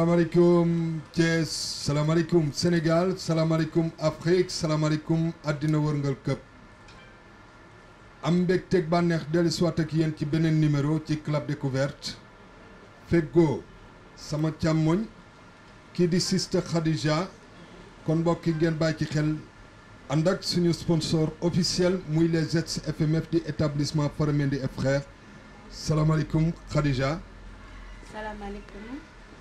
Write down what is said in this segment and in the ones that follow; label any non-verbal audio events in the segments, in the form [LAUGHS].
Salam alaikum salam alaikum Sénégal salam alaikum Afrique salam alaikum Adina World Cup. Ambek mbég Banner bànneex ak est le numéro de club découverte Fego. sama càmmoñ sister Khadija kon mbokki ngeen Andak, ci sponsor officiel muy les fmf de établissement des de Frères salam alaikum Khadija salam alaikum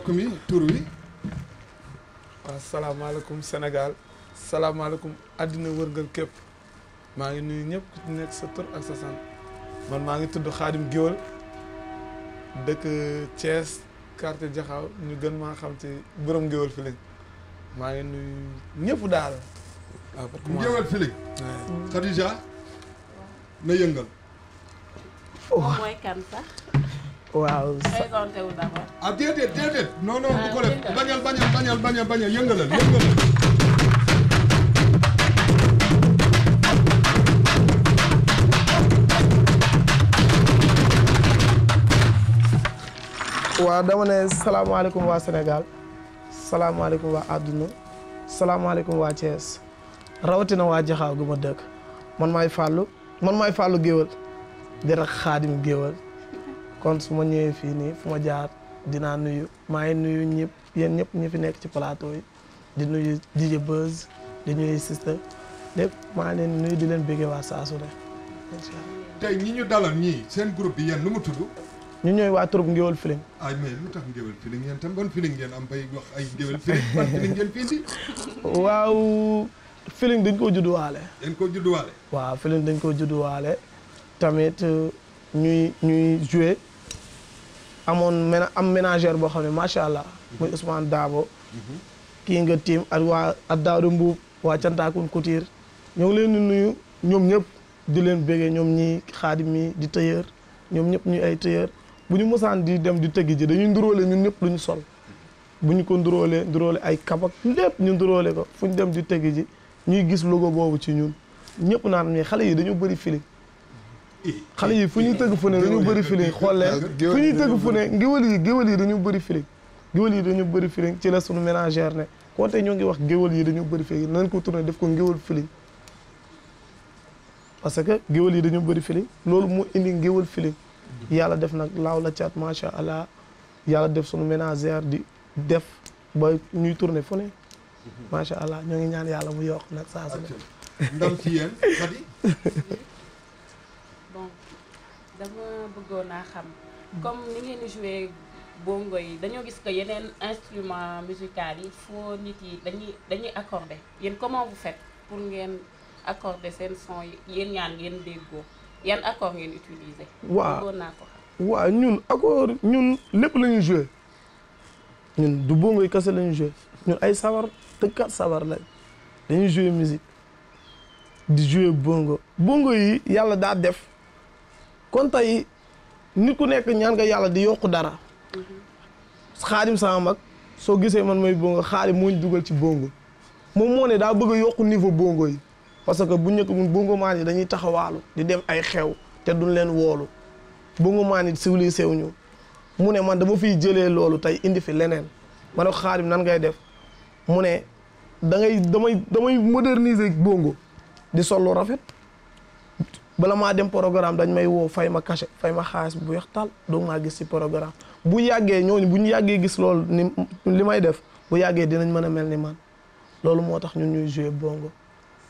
mbokk mi tur wi waaw salaamaaleykum Sénégal salaamaaleykum àddina wërngal képp maa ngi nuyu ñëpp ku ci nekk sa tur ak sa sant man maa ngi tudd Xaadim Géwël dëkk Thiès quartier Jaxaaw ñu gën maa xam ci borom Géwël Feeling maa ngi nuyu ñëpp daal waaw parce que Géwël Feeling Khadija mooy kan sax waaw. dama ne salaamaaleykum waa Sénégal salaamaaleykum waa àdduna salaamaaleykum waa Thiès rawatina waa jaxaaw gu ma dëkk man maay fàllu man maay fàllu géwal di rek xaadim géwal kon suma ñëwé fi ni fuma jaar dina nuyu may nuyu ñëpp yeen ñëpp ñi fi nekk ci plateau yi di nuyu DJ Buzz di nuyu sister lepp ma leen nuyu di leen bëggé wa saa su ne incha ñi ñu dalal ñi seen groupe bi yeen nu mu tudd. ñu ñooy wa troupe ngeewal Feeling. ay mais lu tax Ngéwël Feeling yeen tam bon feeling ngeen am bay wax ay ngeewal Feeling ban feeling ngeen fi ci waaw feeling dañ ko juddu walé dañ ko juddu walé waaw feeling dañ ko juddu walé tamit euh, ñuy ñuy jouer. amoon mena am ménagère boo xam ne macha allah. muy Ousmane Daabo. kii nga tiim ak waa ak Daawdu Mbuub waa Cantaakun Couture ñoo leen di nuyu ñoom ñëpp di leen béggee ñoom ñi xaadim mii di tëyër ñoom ñëpp ñu ay tëyër bu ñu mosaan di dem di tëgg ji dañuy nduróole ñun ñëpp lu ñu sol bu ñu ko nduróole nduróole ay kabak lépp ñu nduróole ko fu ñu dem di tëgg ji ñuy gis logo boobu ci ñun ñëpp naan mais xale yi dañoo bëri fili xale yi fu ñuy tëgg fu ne dañu bëri filing xoolee fu ñuy tëgg fu ne yi géwël yi dañu bëri filing géwël yi dañu bëri filing ci la sunu ménagère ne konte ñoo ngi wax géwël yi dañu bëri filing nañ ko tourné def ko géwël filing parce que géwël yi dañu bëri filing loolu moo indi géwël filing yàlla def nag laaw la caat macha allah yàlla def sunu ménagère di def ba ñuy tourné fu ne macha allah ñoo ngi ñaan yàlla mu yokk nag saa ne [LAUGHS] dama bëggoon a xam. comme ni ngeen di joué bongo yi dañoo gis que yeneen instrument musical yi foo nit yi dañuy dañuy accordé yéen comment vous faites pour ngeen accordé seen son yi yéen ñaan ngeen déggoo yan accord ngeen utiliser. waaw bëggoon naa ko xam. waaw ñun accord ñun lépp la ñuy joué ñun du bongo yi kese la ñuy joué ñun ay sabar tëkkat sabar lañ dañuy jouer musique di jouer bongo bongo yi yàlla da def. kon tey nit ku nekk ñaan nga yàlla di yokk dara xaadim sama mag soo gisee man may bongo xaadim moo ñu dugal ci bongo moom moo ne daa bëgg a yokk niveau bongo yi parce que bu ñëkk mun bongo maan yi dañuy taxawaalu di dem ay xew te duñ leen woolu bongo maan yi civilisé wuñu mu ne man dama fiy jëlee loolu tey indi fi leneen ma ne ko xaadim nan ngay def mu ne da damay damay moderniser bongo di sollu rafet bala maa dem programme dañ may woo fay ma cachet fay ma xaalis bu weex taal doog maa gis si programme bu yàggee ñooñu bu ñu yàggee gis loolu ni li may def bu yàggee dinañ mën a mel ni man loolu moo tax ñun ñuy joué bongo.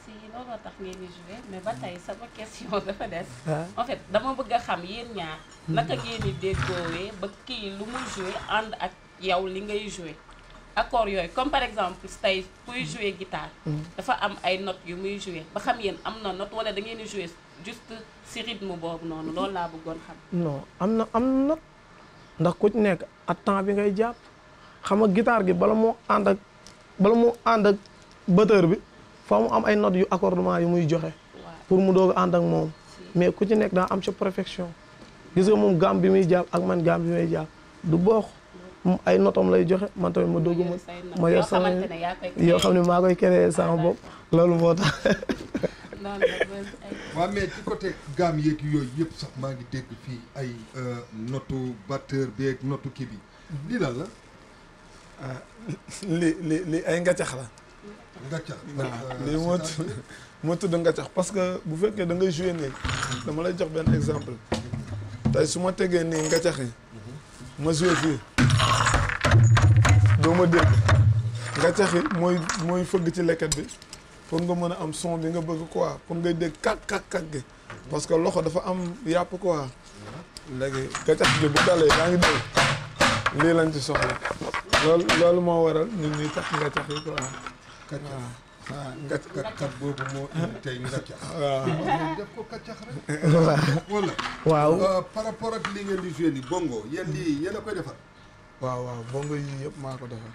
si looloo tax ngeen di joué mais ba tey sama question dafa des. Ah. en fait dama bëgg a xam yéen ñaar. naka ngeen di déggoowee ba kii lu muy joué ànd ak yow li ngay joué. accord yooyu comme par exemple tey kuy joué guitare. Mm. dafa am ay notes yu muy joué yéen am na note da ngeen di juste si rythme boobu noonu loolu laa bëggoon xam. am na am na ndax ku ci nekk ak temps bi ngay jàpp xam nga gitaar gi bala moo ànd ak bala moo ànd ak batteur bi foo mu am ay not yu accordement yu muy joxe. pour mu doog ànd ak moom. mais ku ci nekk daa am sa perfection. gis nga moom gaam bi muy jàpp ak man gaam bi muy jàpp du boox ay notam lay joxe man ma dugg ma ma yor sama yoo xam loolu moo tax [LAUGHS] waaw côté gaam yeeg yooyu yëpp maa ngi dégg fii ay euh, notu batteur beeg notu kii bi mhm. lii lan la ah, li li li ay ngacax la ngacax waaw euh, lii moo moo tudd ngacax parce que bu fekkee da ngay joué nii dama lay jox benn exemple tey su ma tegee nii ngacax yi mhm. ma joué fii doo ma dégg ngacax yi mooy mooy fëgg ci lekket bi pour nga mën a am son bi nga bëgg quoi pour ngay dégg kak kak kak gi parce que loxo dafa am yàpp quoi léegi gàncax gi bu dalee daa ngi dégg lii lañ ci soxla loolu loolu moo waral ñun ñuy tax gàncax yi quoi ah, [LAUGHS] ko gàccax [LAUGHS] waaw euh, rapport ak li ngeen di bongo yéen di yéen a koy defar. waaw maa ko defar.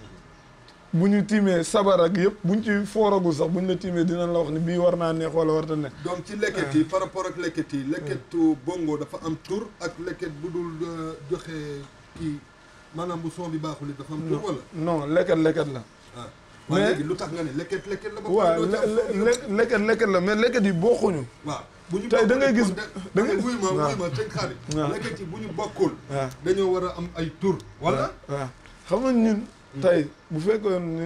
bu ñu tiimee sabar ak yëpp bu ñu ci fooragul sax bu ñu la tiimee dina la wax ne bii war naa neex wala warta neex donc ci lekket yi par rapport ak lekket yi lekketu bongo dafa am tur ak lekket bu dul euh, joxe kii maanaam bu son bi baaxul it dafa am tur wala non la ah. mais waaw lu tax nga ne lekket la ba waaw lekket lekket la mais lekket yi bokkuñu waaw bu ñu tey da ngay gis da ngay wuy ma wuy xaalis lekket yi bu ñu bokkul dañoo war a am ay tur wala waaw xam nga Mm. tey bu fekkoon ni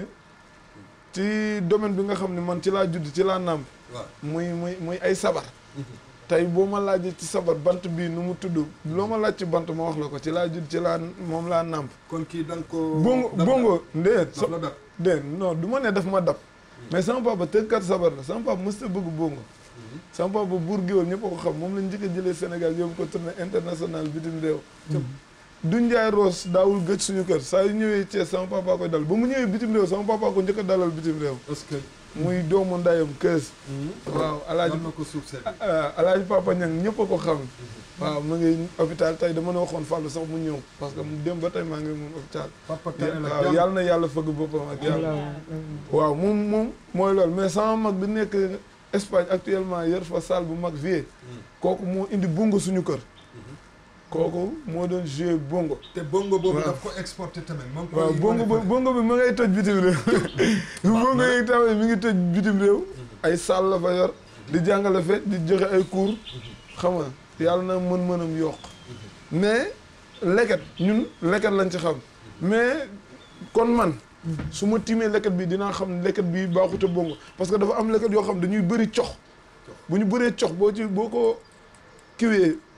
ci domaine bi nga xam ne man ci laa judd ci laa nàmp muy muy muy ay sabar mm-hmm. tey boo ma laajee ci sabar bant bii nu mu tudd loo ma laaj ci bant ma wax la ko ci laa judd ci laa moom laa nàmp da nga ko bongo bongo ndee so dee non du ma ne daf ma dab mm. mais sama papa tëggkat sabar la sama papa mës ta bëgg bongo mm-hmm. sama papa buur géwél ñëpp ko xam moom la njëkk a jëlee Sénégal yóbbu ko tournée international bitim réew mm-hmm. du Ndiaye Rose daawul gëj suñu kër saa yu ñëwee Thiès sama papa koy ba mu ñëwee bitim réew sama papa ko njëkk a dalal bitim réew. muy doomu ndayam kees. Hmm? waaw alaaji na ko suuf seen alaaji papa ñang ñëpp ko xam. waaw mu ngi hôpital tey dama ne waxoon Fallou sax mu ñëw. parce que mu dem ba maa ngi moom hôpital. papa waaw yàlla na yàlla fëgg boppam ak yàlla. waaw moom moom mooy loolu mais sama mag bi nekk Espagne actuellement yor fa bu mag vie. Hmm. kooku moo indi bungu suñu kër. Hmm. kooku moo doon joué bongo. te bongo boobu daf ko exporté tamit. moom waaw bongo bi bongo bi ma ngay toj bitim réew. [LAUGHS] [LAUGHS] bongo mi ngi toj bitim réew. Mhm. ay salle la fa yor. di jàngale fe di joxe ay cours. Mhm. xam nga yàlla na mën-mënam yokk. Mhm. mais leket ñun leket lañ ci xam. mais kon man. su ma tiimee leket bi dinaa xam leket bi baaxute bongo parce que dafa am leket yoo xam dañuy bëri cox. bu ñu bëree cox boo boo ko kiwee.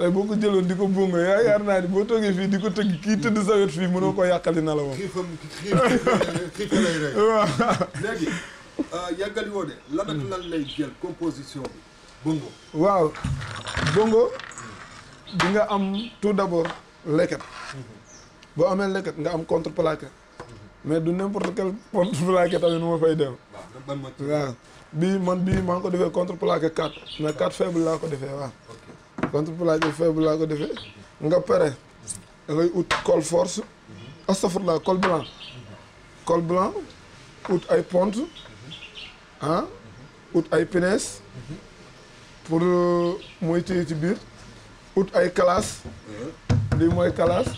tay boko jëlone diko di ko bongo yaakaar naa ni boo toogee fii di ko tëgg kii sa wet fi mëno ko yakali na la moom xiifam xiif lay rek [LAUGHS] waaw euh, de lan lan lay jël composition bi bongo waaw bongo di nga am tout d'abord leket boo amee leket nga am contreplaqué mais du n'importe quel contreplaqué tamit ma fay dem waaw Bi, man bi, man ko defee contreplaqué quatre mais quatre faible laa ko defee contre laa bi faible laa ko defee nga pare da ngay ut col force astafurla col blanc col blanc ut ay pont ah ut ay pines pour euh, mooy téye ci biir ut ay classe lii mooy classe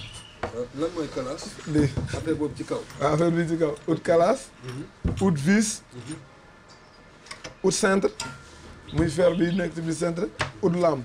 lan mooy classe lii affaire boobu ci kaw ah, affaire bi ci kaw ut classe ut vis ut centre muy fer bi nekk ci biir centre ut lame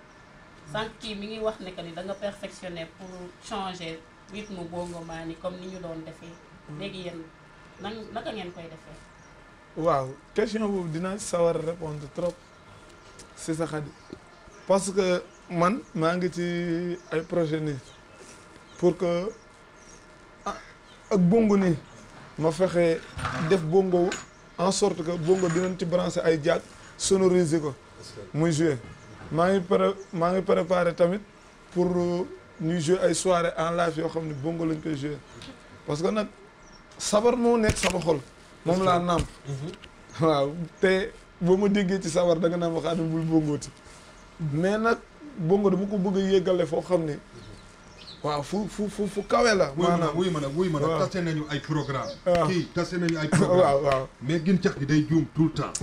sànq kii mi ngi wax ne que ni da nga perfectionné pour changer rythme bongo maani comme ni ñu doon defee. Mm. léegi yéen nan naka ngeen koy défé waaw question boobu dina sawar répondre trop c'est ça xadi parce que man maa ngi ci ay projet ni pour que ah, ak bongo ni ma fexé def bongo en sorte que bongo dinañ ci brancher ay jaaj sonoriser ko muy jouer maa ngi pré maa ngi préparé tamit pour euh, ñuy jouer ay soirée en live yoo xam ne bongo lañ koy jouer parce que nag sabar moo nekk sama xol moom laa nàmp mhm. waaw te boo ma déggee ci sabar da nga naan ma xaadim bul bongooti mais nag bongo dama ko bëgg a yéggale foo xam ne waaw fu fu fu fu kawe la. maanaam wuy wuy mën a tase nañu ay ah. ay [LAUGHS] programme waaw waaw mais gincax gi day juum tout le temps.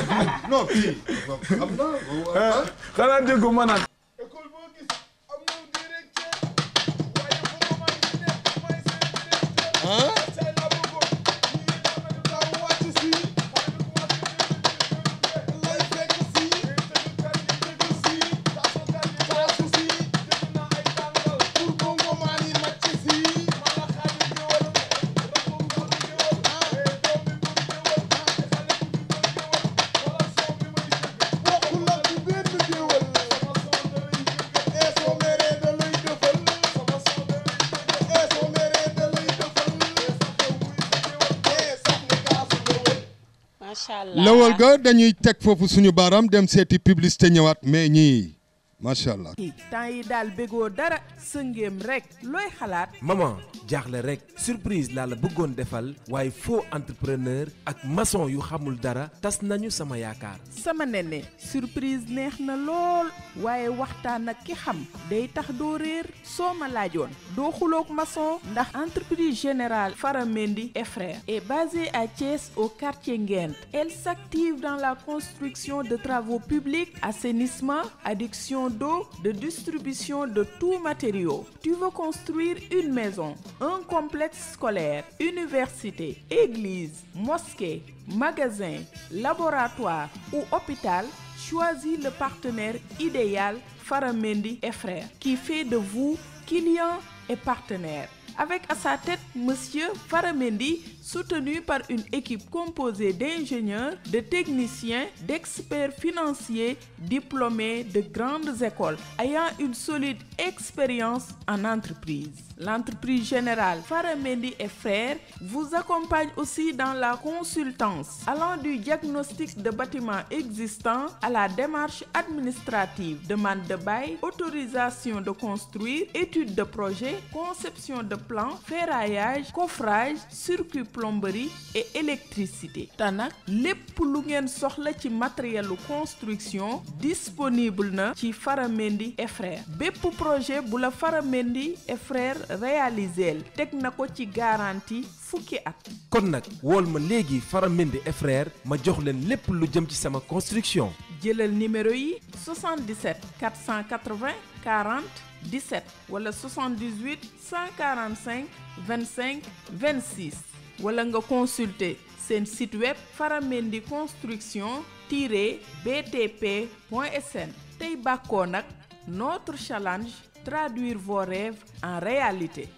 [LAUGHS] non kii ah. am ah. ma allah lawal ga dañuy teg foofu suñu baaraam dem seeti publicité ñëwaat mais ñii. macha allah. yi daal bëggoo dara sëngéem rek looy xalaat. maman jaaxle rek surprise laa la bëggoon defal waaye faux entrepreneur ak maçon yu xamul dara tas nañu sama yaakaar. sama nene surprise neex na lool waaye waxtaan ak ki xam day tax doo réer soo ma laajoon doo xuloog maçon ndax entreprise générale Faramendi et frère est basée à Thiès au quartier Nguent. Elle s'active dans la construction de travaux publics assainissement adduction d'eau, de distribution de tout matériaux. Tu veux construire une maison, un complexe scolaire, université, église, mosquée, magasin, laboratoire ou hôpital, choisis le partenaire idéal Faramendi et Frères qui fait de vous client et partenaire avec à sa tête M. Faramendi, soutenu par une équipe composée d'ingénieurs, de techniciens, d'experts financiers diplômés de grandes écoles, ayant une solide expérience en entreprise. L'entreprise générale Faramendi et Frères vous accompagne aussi dans la consultance, allant du diagnostic de bâtiments existants à la démarche administrative, demande de bail, autorisation de construire, étude de projet, conception de plan, ferraillage, coffrage circuit plomberie et électricité Tanak, lepp lu ngeen soxla ci matérielu construction disponible na ci Faramendi et Frères bépp projet bu la Faramendi et Frères réaliseel tek nako ci garantie fukki at kon nak, wool ma Faramendi et Frères ma jox len lepp lu jëm ci sama construction jëlal numéro yi 77 480 40 17 wala 78 145 25 26 wala nga consulter le site web faramendi construction tiret notre challenge traduire vos rêves en réalité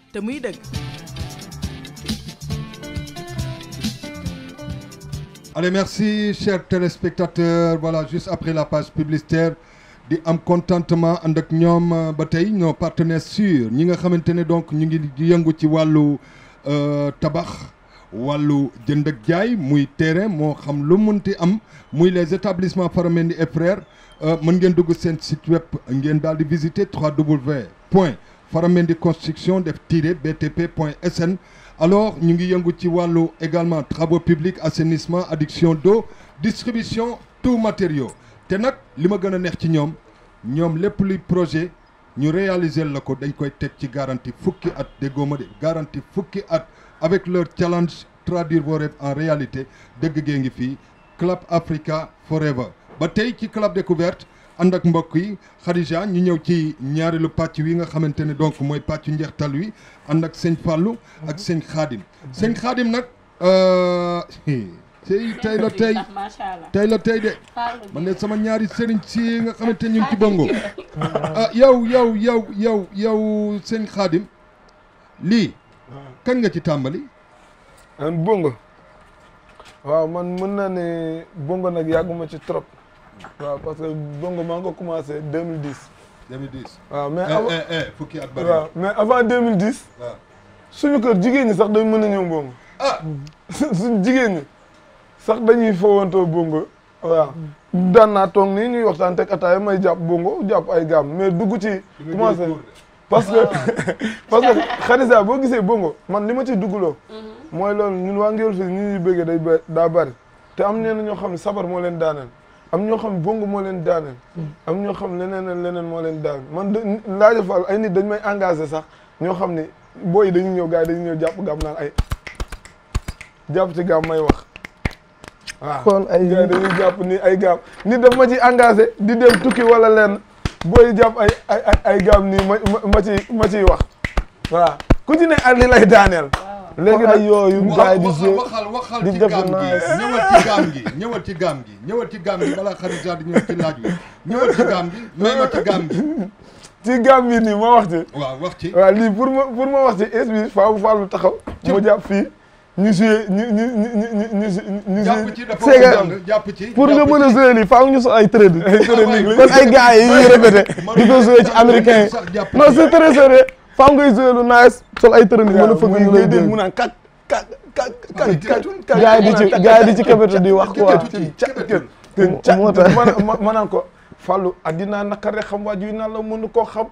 Allez, merci chers téléspectateurs. Voilà, juste après la page publicitaire di am contentement ànd ak ñoom euh, ba ñoo partenaires sûr. ñi nga xamantene donc ñu ngi yëngu ci euh tabax walu jënd ak jaay muy terrain mo xam lu munti am muy les établissements Fara et Frères euh, mën ngeen dugg sen site web ngeen dal di visiter point Fara construction de btp alors ñu ngi yëngu ci walu également travaux publics assainissement adduction d'eau distribution tout matériaux te nak lima gëna neex ci ñom ñom lepp luy projet ñu réaliser lako dañ koy teg ci garantie fukki at déggoo ma de garantie fukki at avec leur challenge traduire vos rêves en réalité deug gee fi Club Africa Forever ba tay ci Club Découverte andak ak mbokk yi Khadija ñu ñëw ci ñaareelu patch wi nga xamantene donc mooy pàccu njeextal wi ànd ak sëñ Fallou ak khadim, seigne khadim nak euh [LAUGHS] tey tey la tey tey la tey de man ne sama ñaari sëriñ si nga xamante ñu ngi ci bongo ah yow yow yow yow yow sëñ Xaadim lii kan nga ci tàmbali an bongo waaw man mën naa ne bongo nag yàgguma ci trop waaw parce que bongo maa ngi ko commencé 2010 2010 waaw mais eh, eh, eh, fukki at bari waaw mais suñu kër jigéen ñi sax dañ mën a ñëw bongo ah [LAUGHS] suñu jigéen ñi sax dañuy fowantoo bongo waaw mm. daan naa toog nii ñuy waxtaan teg ataaya may jàpp bongo jàpp ay gaam mais dugg ci commencé parce que ah. [LAUGHS] parce que xarisa boo gisee bongo man li ma ci duggloo mm-hmm. mooy loolu ñun waa Ngéwél fii ñu ñuy bëggee day daa bari te am ñenn ñoo xam ne sabar moo leen daaneel am ñoo xam bongo moo leen daaneel mm. am ñoo xam leneen leneen moo leen daaneel man de laajafal ay ni dañ may engagé sax ñoo xam ni booy dañuy ñëw gars yi dañuy ñëw jàpp gaam naan ay jàpp ci gaam may wax Ah. kon ay gars dañuy [LAUGHS] jàpp ni ay gaam nit daf ma ci engagé di dem tukki wala lenn booy jàpp ay ay ay gaam ni ma ma ci ma ciy wax waaw ku ci ne ak li lay daaneel. léegi nag yooyu gars yi di joué waxal ci gaam gi ñëwal ci ci gaam gi ñëwal ci gaam gi balaa xarisa di ñëw ci laaj wi ñëwal ci gaam gi may ma ci gaam gi ci gaam gi nii ma wax ci waaw wax ci waaw ma pour ci es bi fii ñu joué ñu ñu ñu ñu ñu jàpp ci dafa jàpp ci pour nga mën a joué lii faaw ñu so ay trade [LAUGHS] ay trade kon ay gars yi ñuy répété [LAUGHS] di ko joué ci américain yi non c'est très sérieux faaw ngay joué lu nice sol ay trade mën a fëgg ñu lay dégg mu naan kat kat kat kat gars yi di ci gars yi di ci kébétu di wax quoi moo tax ma naan ko Fallou addinaa naqare xam waaj yu naan la mënu koo xam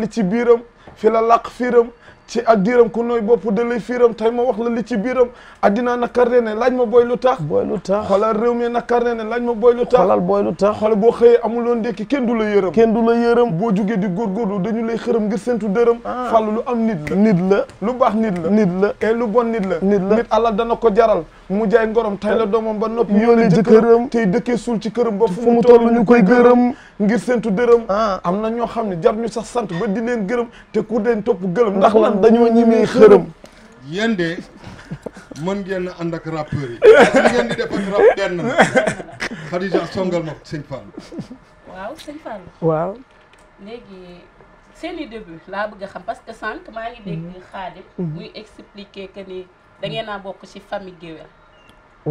li ci biiram fi la làq fiiram ci addiram ku nooy bopp da lay fiiram tay ma wax la li ci biiram addinaa nakar ne laaj ma booy lu tax booy lu tax xoolal réew mi nakar ne laaj ma booy lu tax xoolal booy lu tax xoolal boo xëyee amuloon ndekki kenn du la yërëm kenn du la yërëm boo jugee di góorgóorlu dañu lay xërëm ngir sentu dërëm ah. fàllu lu am nit la nit la lu baax nit la nit la et eh, lu bon nit la nit nit alal dana ko jaral mu jaay ngorom tay la doomam ba noppi yónni jëkkëram tey dëkkee suul ci këram ba fu mu toll ñu koy gërëm ngir seentu dërëm ah. am na ñoo xam ne jar ñu sax sant ba dineen leen gërëm te ku leen topp gërëm ndax lan dañoo ñimee xërëm yéen de mën ngeen ànd ak rappeurs yi li ngeen di def waaw sëñ Fall waaw léegi laa xam parce que sànq maa ngi mhm. Mhm. muy expliquer que ni da ngeen a bokk ci famille géwél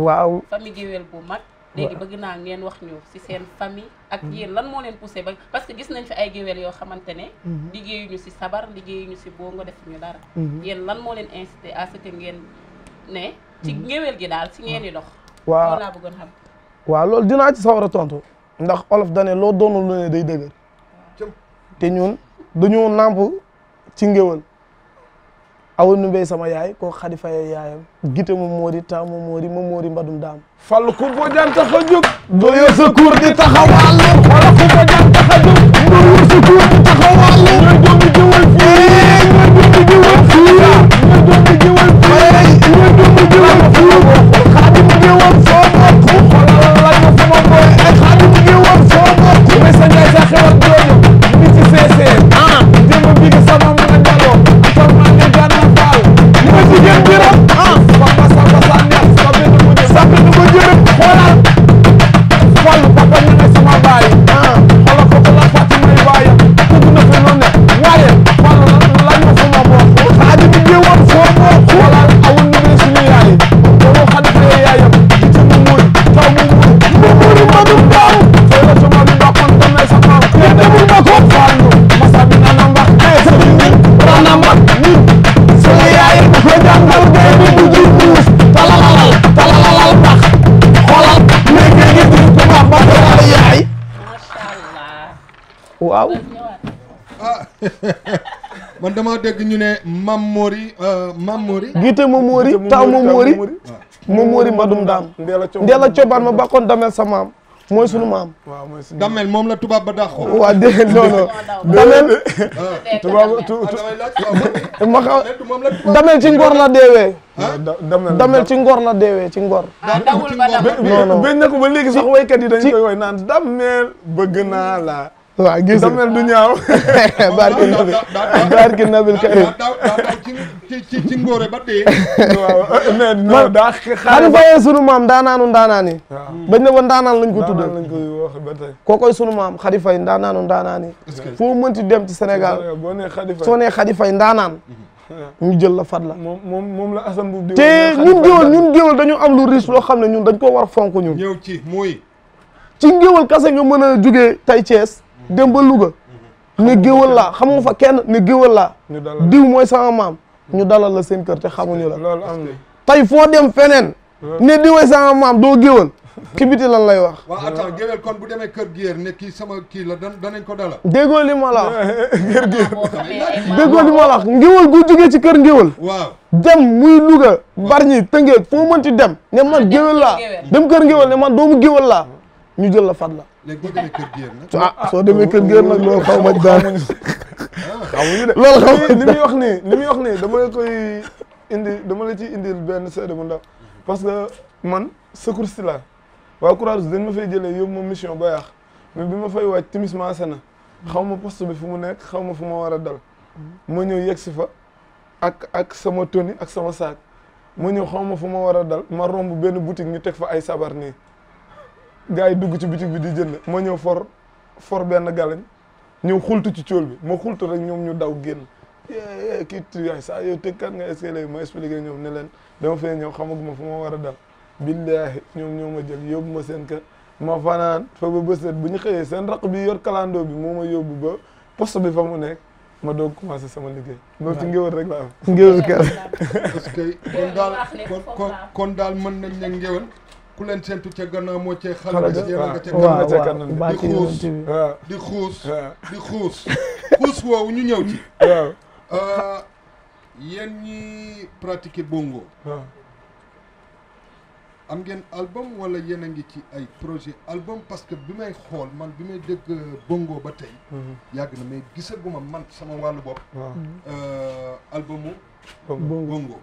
waaw famille géwél bu mag. léegi bëgg naa ngeen wax ñu ci seen famille. ak mm-hmm. yéen lan moo leen poussé ba parce que gis nañ fi ay géwél yoo xamante ne. Mm-hmm. liggéeyuñu ci sabar liggéeyuñu ci bongo ñu dara. Mm-hmm. yéen lan moo leen incité à ngeen ne. ci géwél gi daal ci ngeen dox. waaw loolu laa bëggoon xam. waaw loolu dinaa ci sawar a tontu ndax olof da loo doonul lu ne day dëgër. te ñun dañoo nàmp ci ngéwél. awa numbey sama yaay ko xadi faye yaayam gite ma moori ta ma moori ma moori mbadum daam fal ku bojaan tax a jóg doyo sa di taxawàllu fal ku bojaan tax a jóg doyo sa kuur di taxawàllu waaw ah [LAUGHS] man dama dégg ñu ne Mamori euh, Mamori Gite Mamori taw Mamori Mamori ah. mbadum daam ah. ndeela cobaan ma bàkkoon damel sa maam mooy sunu maam. waaw moom la tubaab ba dàqoo. [LAUGHS] waaw [LAUGHS] ah, ma xaw damel ci ngor la deewee. damel ci ngor la deewee ci ngor. ah dawul ba dawul non non. bañ na ko ba léegi sax waykat yi dañ koy woy naan damel bëgg naa la. waaw gis nga damel du ñaaw. [LAUGHS] barki nabil barki nabil ba dee. waaw daa xaar bayee sunu maam daanaanu ndaanaani. bañ ne ba ndaanaan lañ ko tudd. ndaanaan koy wax ba tey. kookoy sunu maam Khady Faye ndaanaanu ndaanaani. mënti dem ci Sénégal soo nee Khady Faye ndaanaan. ñu jël la fat la. moom moom moom la Assane bu te ñun géwal ñun géwal dañu am lu riche loo xam ne ñun dañ koo war a fonk ñun. ñëw ci mooy. ci géwal kase mën a jugee tay dem ba Louga mhm. ne géwal laa xamoo fa kenn ne géwal laa diw mooy sama maam ñu dalal la seen kër te xamuñu la loolu am na foo dem feneen ne diw mooy sama maam doo géwal ci biti lan lay wax waaw attends kon bu demee kër géer ne kii sama kii la danañ ko dala déggoo li ma la wax [LAUGHS] kër géer gu jógee ci kër ngéwal waaw dem muy Louga Bargny Tëngéej foo mënti dem ne man ah, géwél laa dem kër ngéwal ne man doomu géwél laa ñu jël la fat la. léegi boo demee kër géer nag. ah soo demee kër géer nag loolu xaw ma daan. Ah, xamuñu de loolu xaw ma li muy wax nii li muy wax nii dama la koy indi dama la ciy indil benn seede bu ndaw. parce que man secouriste laa waa Croix Rouge dañ ma fay jëlee yóbbu ma mission ba yàq mais bi ma fay wàcc timis maase na xaw ma poste bi fu mu nekk xaw ma fu ma war a dal. ma ñëw yegg si fa ak ak sama tenue ak sama saak ma ñëw xaw ma fu ma war a dal ma romb benn boutique ñu teg fa ay sabar nii. gars yi dugg ci boutique bi di jënd ma ñëw for for benn galañ ñëw xultu ci cóol bi ma xultu rek ñoom ñu daw génn yee eh, eh, kii tuyaay saa yow tëkkat nga est-ce que léegi ma ñoom ne leen dama fee ñëw xamaguma fu ma war a dal billaahi ñoom ñoo ma jël yóbbu ma seen kër ma fanaan fa ba bëset bu ñu xëyee seen raq bi yor kalandoo bi moo ma yóbbu ba poste bi fa mu nekk ma doog commencé sama liggéey. loolu ci ngéwél rek laa am. ngéwél kër. parce que kon daal kon daal mën nañ ne ngéwél. ku leen seentu ca gannaaw moo cee xale gis yéen a nga ca gannaaw waaw di xuus di xuus di xuus xuus woowu ñu ñëw ci [LAUGHS] waaw euh, yéen ñi pratiquer am ngeen album wala yéen a ngi ci ay projet album parce que bi may xool man bi may dégg bongo ba tey mhm. yàgg na mais gisaguma man sama wàllu bopp euh, albumu bongo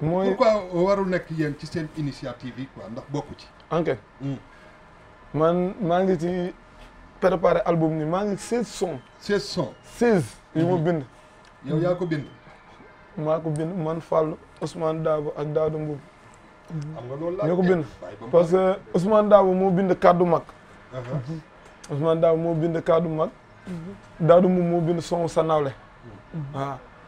mooy pourquoi warul nekk yéen ci seen initiative yi quoi ndax bokku ci. ok hmm. man maa ngi ci préparé album ni maa ngi seize son. seize son hmm. bind. yow yaa ko bind. man Fall Ousmane Dabo ak Daado Mboub. xam nga loolu laa ko bind parce que Ousmane Dabo moo bind kàddu mag. Uh-huh. Ousmane Dabo moo bind kàddu mag. Mm-hmm. Daado Mboub moo bind son sa nawle. Hmm. Ah.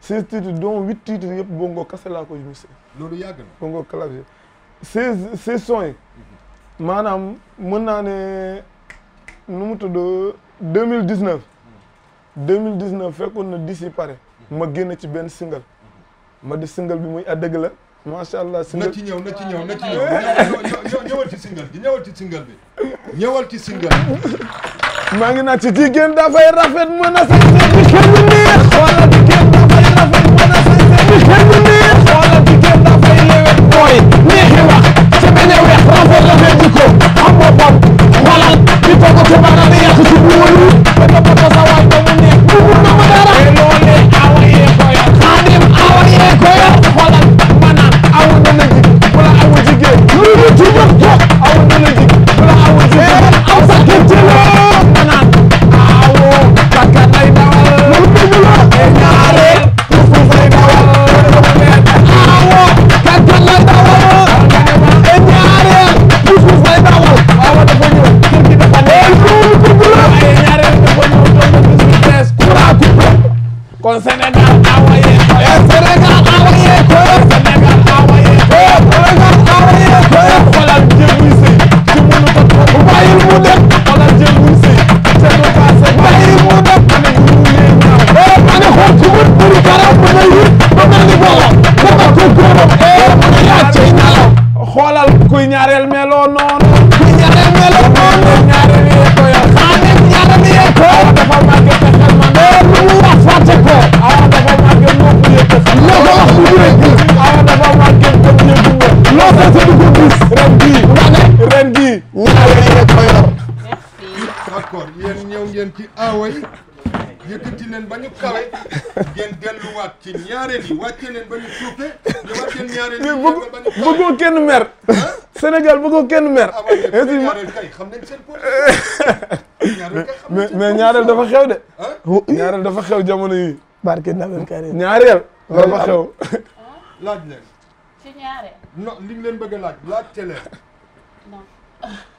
seize titres dont huit titres yëpp bongo kase laa ko mixé. loolu yàgg na bongo clavier. seize seize sons yi. Mhm. maanaam mën naa ne nu mu tudd deux mille dix neuf. Mhm. deux mille dix neuf na dix yi pare. Mhm. ma génn ci benn single. ma di single bi muy a la. macha allah single na ci ñëw na ci ñëw na ci ñëw [LAUGHS] ñëwal ci single bi ñëwal ci single bi ñëwal ci single maa ngi naan ci jigéen a sañ seen i mooy neexi wax ci bañ a weex rafet rafet jikko am boppam xolal di togg tubaab tey rek ko ngeen ci aaway yëkkati ba ñu kawe ci ñaareel yi wàcce leen ba ñu suufe ñu kenn mer Sénégal bëggoo kenn mer ah, ñaareel seen mais mais ñaareel dafa xew de ñaareel dafa xew jamono yi barke Nabil Karim ñaareel dafa xew leen bëgg a laaj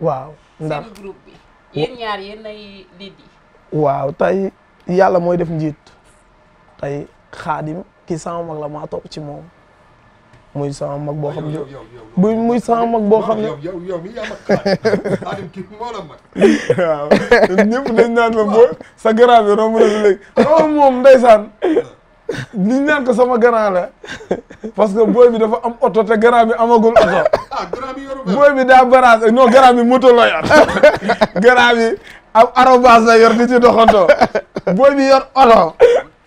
waaw ndax seen groupe bi yéen mooy def njiit tey xaadim kii sama mag la maa topp ci moom muy sama mag boo xam ne muy sama mag boo xam ne yow yow mi yaa mag xaadim kii moo la mag waaw ñëpp dañ naan ma boo sa garab ñu naan sama grand la parce que booy bi dafa am oto te grand bi amagul oto. ah grand bi yorul booy bi daa barage am arobase la yor di ci doxantoo booy yor oto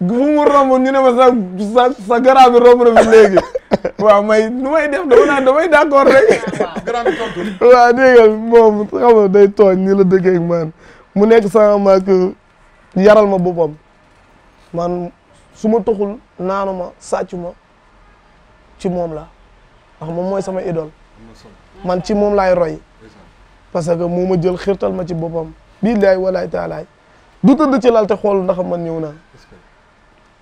bu mu romb ñu ne ma sa sa sa grand bi romb may nu may def dama naan damay d'accord rek. Ah, grand bi tontu. waaw dégg nga moom xam nga day nekk sama yaral ma boppam man. su ma toxul naanu ma sàccu ma ci moom la ndax moom mooy sama idole man ci moom laay roy parce que moo ma jël xirtal ma ci boppam billaay walaay taalaay du tëdd ci lal te xool ndax man ñëw na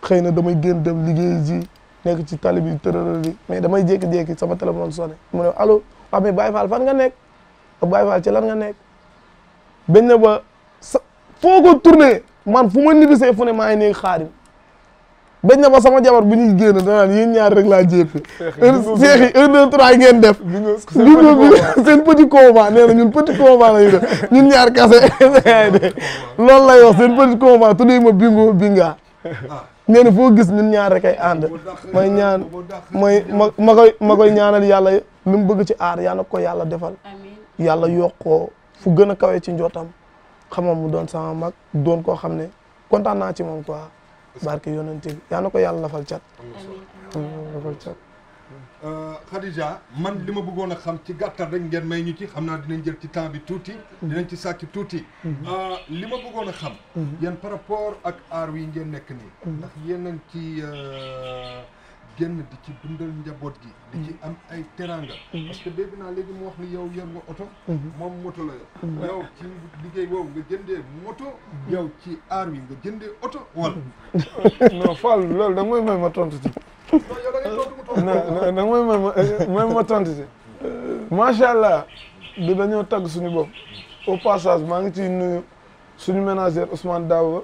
xëy na damay génn dem liggéey ji nekk ci tali bi tërëral bi mais damay jékki-jékki sama téléphone sone mu ne allo waa mais Baye fan nga nekk ak Baye Fall ci lan nga nekk bañ na ba sa foo ko tourné man fu ma nitisee fu ne maa ngi nii xaarim bañ na ma sama jabar bu ñuy génn danaan yéen ñaar rek laa jéppee seex yi un deux ngeen def bingo bi seen petit combat nee na ñun petit combat lañu def ñun ñaar kase de [LAUGHS] loolu lay wax seen petit combat tuddee ma bingo binga nee na foo gis ñun ñaar rek ay ànd may ñaan may ma ma koy ma koy ñaanal yàlla li mu bëgg ci aar yàlla ko yàlla defal yàlla yokkoo fu gën a kawee ci njootam xamam mu doon sama ma doon koo xam ne kontaan naa ci moom quoi barke yonent bi yaa na ko yàlla lafal cat. amiin lafal cat. Euh, man li ma bëggoon a xam ci gàttal rek ngeen may ñu ci xam naa dinañ jël ci temps bi tuuti. dinañ ci sàcc tuuti. Mhm. Euh, li ma bëggoon a xam. Mhm. yéen par rapport ak aar wi ngeen nekk nii. Mhm. ndax yéen a ngi ci. Euh, génn di ci dundal njaboot mm-hmm. am ay teranga. Mm-hmm. parce que naa léegi mu wax ni yow yor nga oto. Mm-hmm. la yor. ci liggéey boobu nga jëndee moto. yow ci aar wi nga jëndee oto wala. [LAUGHS] non Fall loolu da nga may ma tontu ci. non da ma eh, may macha allah du dañoo tagg suñu bopp au passage maa ngi ciy nuyu suñu ménagère Ousmane Daouba.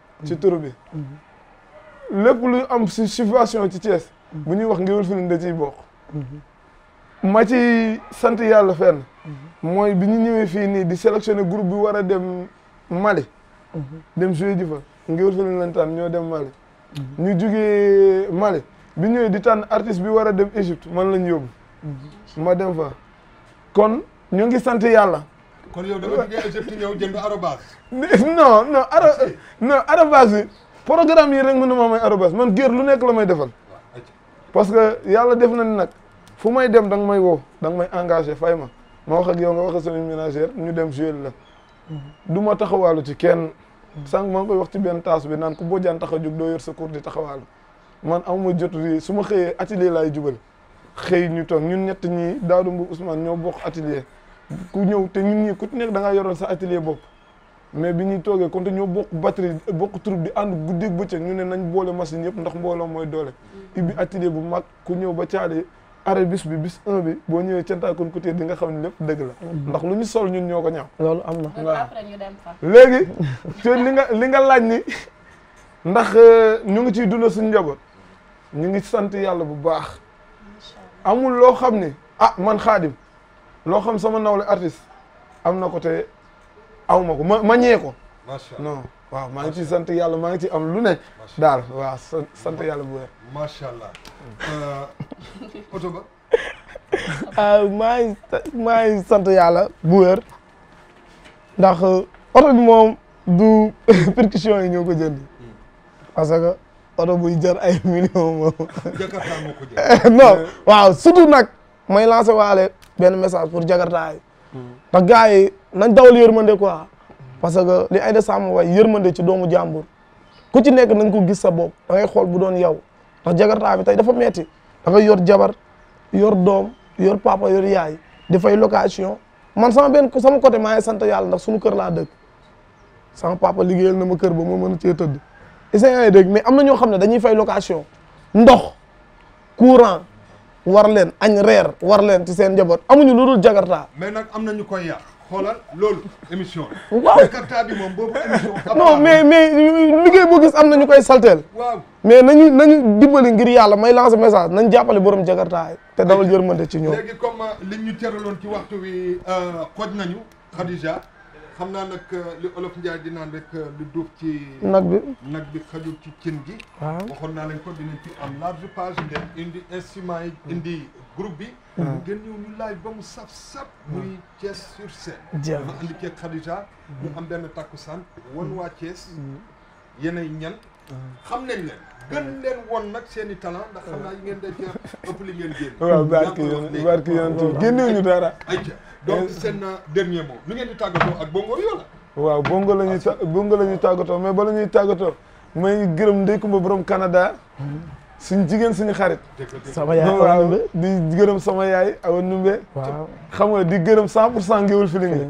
ci tur bi lépp lu am si situation ci Thiès bu ñuy wax Ngéwél Feeling da ciy bokk ma ci sant yàlla fenn mooy bi ñu ñëwee fii nii di sélectionné group bi war a dem Mali dem joué ji fa Ngéwél Feeling lañ tànn ñoo dem Mali ñu jugee Mali bi ñëwee di tànn artiste bi war a dem Égypte man la yóbbu ma dem fa kon ñu ngi sant yàlla kon yow dama jógee Égypte ñëw jënd arobase. [LAUGHS] non non aro ah, non arobase yi programme yi rek mën na maa may arobase man géer lu nekk la may defal. parce que yàlla def na ni nag fu may dem da nga may woo da nga may engagé fay ma ma wax ak yow nga wax ak suñu ménagère ñu dem jouer la. Mhm. du ma taxawaalu ci kenn. sànq maa ngi wax ci benn taas bi naan ku bojjaan tax a jóg doo yor sa cour di taxawaalu man amuma jot yi su ma xëyee atelier laay jubal xëy ñu toog ñun ñett ñii Daouda Mbow Ousmane ñoo bokk atelier. ku ñëw te ñun ñi ku nekk da ngaa yoroon sa atelier bopp mais bi ñuy toogee kon te ñoo bokk batterie bokk troupe di ànd guddeeg bëccëg ñu ne nañ boole machine yëpp ndax mbooloo mooy doole ibbi atelier bu mag ku ñëw ba caale arrêt bis bi bis un bi boo ñëwee Tiantakon Couture di nga xam ne lépp dëgg la ndax lu ñu sol ñun ñoo ko ñaaw loolu am na waaw léegi li nga li nga laaj ni ndax euh, ñu ngi ciy dundal suñu njaboot ñu ngi sant yàlla bu baax amul loo xam ne ah man xaadim loo xam sama nawle artiste am na ko te aw ko ma ma ñee ko. macha allah waaw maa ngi ci sant yàlla ma ngi ci am lu ne. daal waaw sant yàlla bu wér. macha allah. Euh, oto ba. [LAUGHS] Ah, maa ngi sant yàlla bu wér ndax oto bi moom du [LAUGHS] percussion yi ñoo ko jënd hmm. parce que oto buy jar ay [LAUGHS] millions moom. Jakarta waaw surtout nag. may lancer wale benn message pour jagartaay ndax hmm. gars yi nañ dawal yërmande quoi parce que li ay de sàmm way yërmande ci doomu jàmbur ku ci nekk nañ ko gis sa bopp da ngay xool bu doon yow ndax jagartaay bi tey dafa metti da yor jabar yor doom yor papa yor yaay di fay location man sama benn sama côté ma ngi sant yàlla ndax suñu kër laa dëkk sama papa liggéeyal na ma kër ba ma mën a cee tëdd. is dégg mais am na ñoo xam ne dañuy fay location ndox courant war leen añ reer war leen ci seen njaboot amuñu lu dul jakarta mais nag am nañu ñu koy yàq xoolal loolu émission waaw bi moom boobu émission non mais mais liggéey boo gis am na ñu koy salteel waaw mais nañu nañu dimbali ngir yàlla may lancer message nañ jàppale borom jakarta te dawal yërmande ci ñoom léegi comme euh, li ñu tëraloon ci waxtu wi euh, xoj nañu Khadija xam naa nag euh, li olof Njaay di naan rek euh, lu duuf ci. nag bi nag bi xajul ci cin gi. waaw waxoon naa leen ko dinañ ci am large page ngeen indi instruments yi hmm. indi groupe bi. ngeen hmm. ñëw ñu laaj ba mu saf saf. Hmm. muy Thiès sur scène. jërëjëf ma andi ceeb Khadija. ñu am benn takkusaan. wan waa Thiès. yeneen ñan. xam nañ leen. gën leen woon nag seen talent ndax xam yi ngeen denc ëpp li ngeen génn. waaw barke yéen barke yéen ñu dara. donc seen euh, dernier mot lu ngeen di tàggatoo ak bongo yi wala. waaw bongo la ñuy bongo la ñuy tàggatoo mais ba la ñuy tàggatoo may gërëm Ndeye Coumba borom Canada. Mm-hmm. suñ jigéen suñu xarit. sama yaay di gërëm sama yaay a Ndoumbe. waaw xam nga di gërëm 100 pour cent Géwal Feeling yi.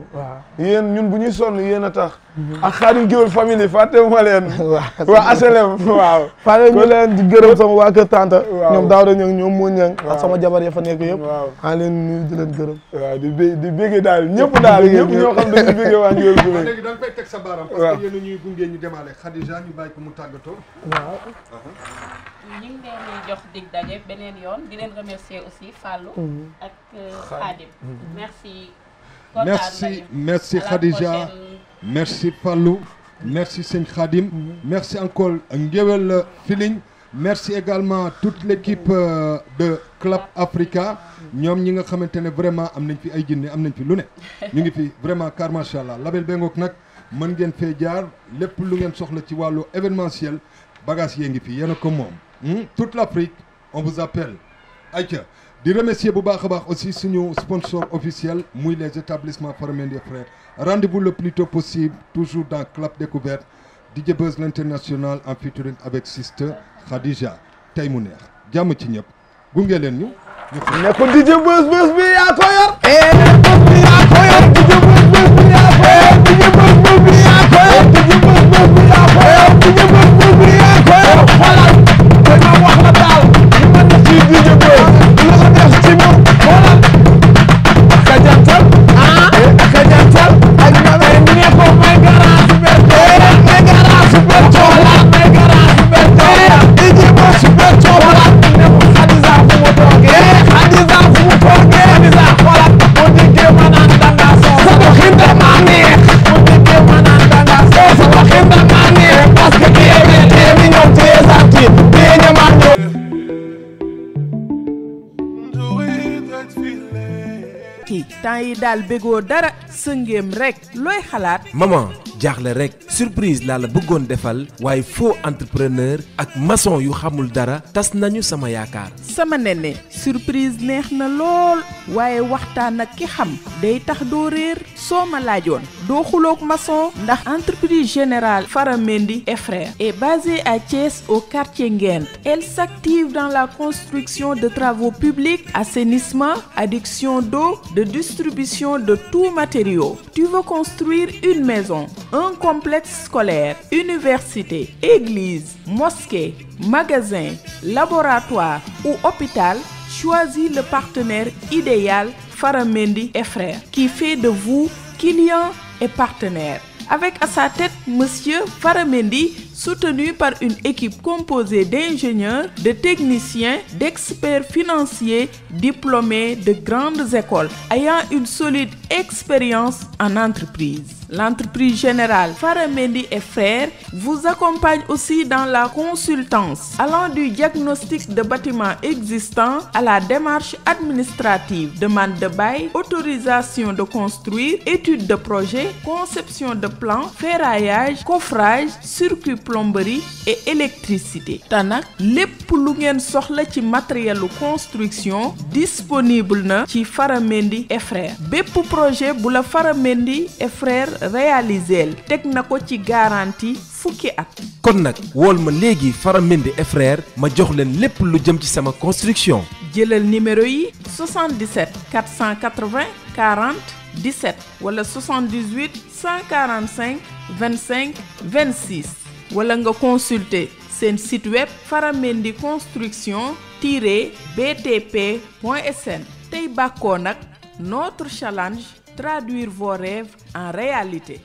yéen ñun bu ñuy sonn yéen a tax. Mhm. ak Xaadim Géwal famille fàttewuma leen. [LAUGHS] waaw waa HLM waaw. fàtte ñu leen di gërëm sama waa Kër Tanta. waaw ñoom Daouda Niang ñoom Mouy Niang. ak sama jabar ya fa nekk yëpp. waaw leen nuyu di leen gërëm. di bé di béggee daal ñëpp daal ñëpp ñoo [LAUGHS] sa baaram. parce que yéen ñuy gunge ñu demaale Khadija ñu bàyyi ko mu tàggatoo. waaw uh-huh. ñu ngi leen di jox dig daje beneen yoon di leen remercier aussi Fallou. Mm. ak euh, Khadim. Mm. merci. merci merci Khadija merci Fallou. merci Seigne Khadim. Mm. merci encore Ngewel Feeling. merci également toute l'équipe euh, de Club Africa ñom ñi nga xamante vraiment am nañ fi ay jinne am nañ fi lu né [LAUGHS] ñu ngi fi vraiment car machallah label bengok nak mën ngeen fé jaar lépp lu ngeen soxla ci walu événementiel bagage yee ngi fi yéna ko mom toute l'Afrique, on vous appelle. Aïka. remercier aussi sponsor officiel Mouy les établissements formés des Frères rendez-vous le plus tôt possible toujours dans Clap Découverte DJ Buzz l'international en featuring avec Sister Khadija DJ Buzz vídeo do yi daal bégoo dara sëngéem rek looy xalaat maman jaaxle rek surprise la la bëggoon defal waaye faux entrepreneur ak maçon yu xamul dara tas nañu sama yaakaar. sama nene surprise neex na lool waaye waxtaan ak ki xam day tax doo réer soo ma maçon ndax entreprise générale Faramendi et frères est basée à Thiès au quartier Nguent. Elle s'active dans la construction de travaux publics, assainissement, adduction d'eau, de distribution de tout matériaux. Tu veux construire une maison un complexe scolaire, université, église, mosquée, magasin, laboratoire ou hôpital, choisis le partenaire idéal Faramendi et Frères qui fait de vous client et partenaire. Avec à sa tête Monsieur Faramendi, soutenu par une équipe composée d'ingénieurs, de techniciens, d'experts financiers diplômés de grandes écoles ayant une solide expérience en entreprise. L'entreprise générale Faramendi et Frères vous accompagne aussi dans la consultance, allant du diagnostic de bâtiments existants à la démarche administrative, demande de bail, autorisation de construire, étude de projet, conception de plans, ferraillage, coffrage, circuit plomberie et électricité Tanak, nag lépp lu ngeen soxla ci de construction disponible na ci Faramendi et Frères bépp projet bu la Faramendi et Frères réaliser tek nako ci garantie fukki at kon nak, wool ma Faramendi et Frères ma jox len lépp lu jëm ci sama construction jëlal numéro yi 77 480 40 17 wala 78 145 25 26 wala nga consulter le site web Faramendi construction btpsn notre challenge traduire vos rêves en réalité